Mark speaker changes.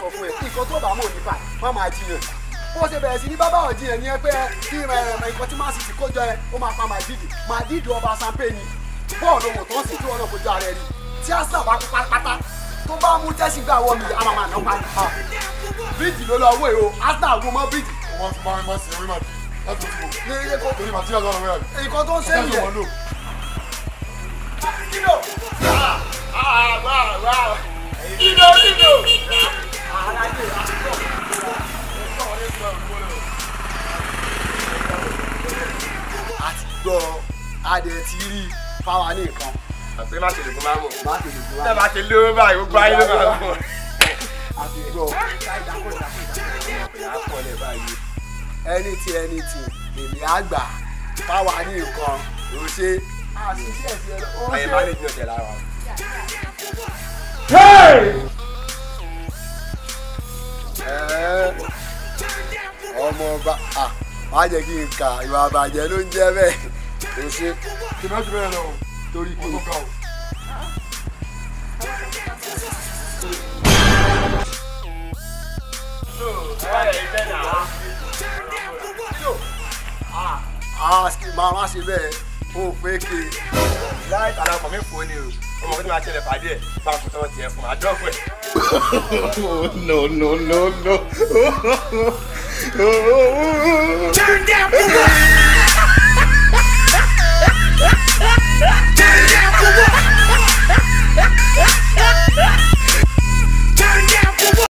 Speaker 1: sọ fún ẹ nǹkan tó bá mọ̀ nípa má máa jiyàn bó ṣe bẹ̀rẹ̀ sí ní bábà ọ̀jì yẹn ni ẹ pé kí nǹkan tí máa sì ti kójọ ẹ ó máa pa Madrid Madrid ọba sanpe ni bọ́ọ̀lù òmò tó ń sì tí wọn kojú ara ẹ rí tí a sábà kú pátápátá tó bá mú Chelsea gbà wọ mi a máa máa ná pa bíríìjì ló lọ wé o Arsenal gun mọ́ bíríìjì. wọ́n máa ń mọ̀ sí orí màdì láti ojú o ní ilé kó gbọ́ adẹ̀ ti rí fáwa ní nǹkan. àti má ṣe lògùn máa má ṣe lògùn máa mọ̀. tẹ́lá lówó báyìí ó gbá yín ló máa mọ̀.
Speaker 2: àti gbọ́ ẹni tí ẹni tí èmi àgbà fáwa ní nǹkan ló ṣe. àyè má lè jọjẹ lára. ọmọ ọba a má jẹ́ kí n kà ìwà àbàjẹ́ ló ń jẹ́ bẹ́ẹ̀. Esse que nós verão, Torico local. Ah, que ah, mal, se vê, né? né, o fake. Lá, tá lá, como é Como é que vai ser, padre? Para que eu tenha fumado, não foi? No, no, Turn down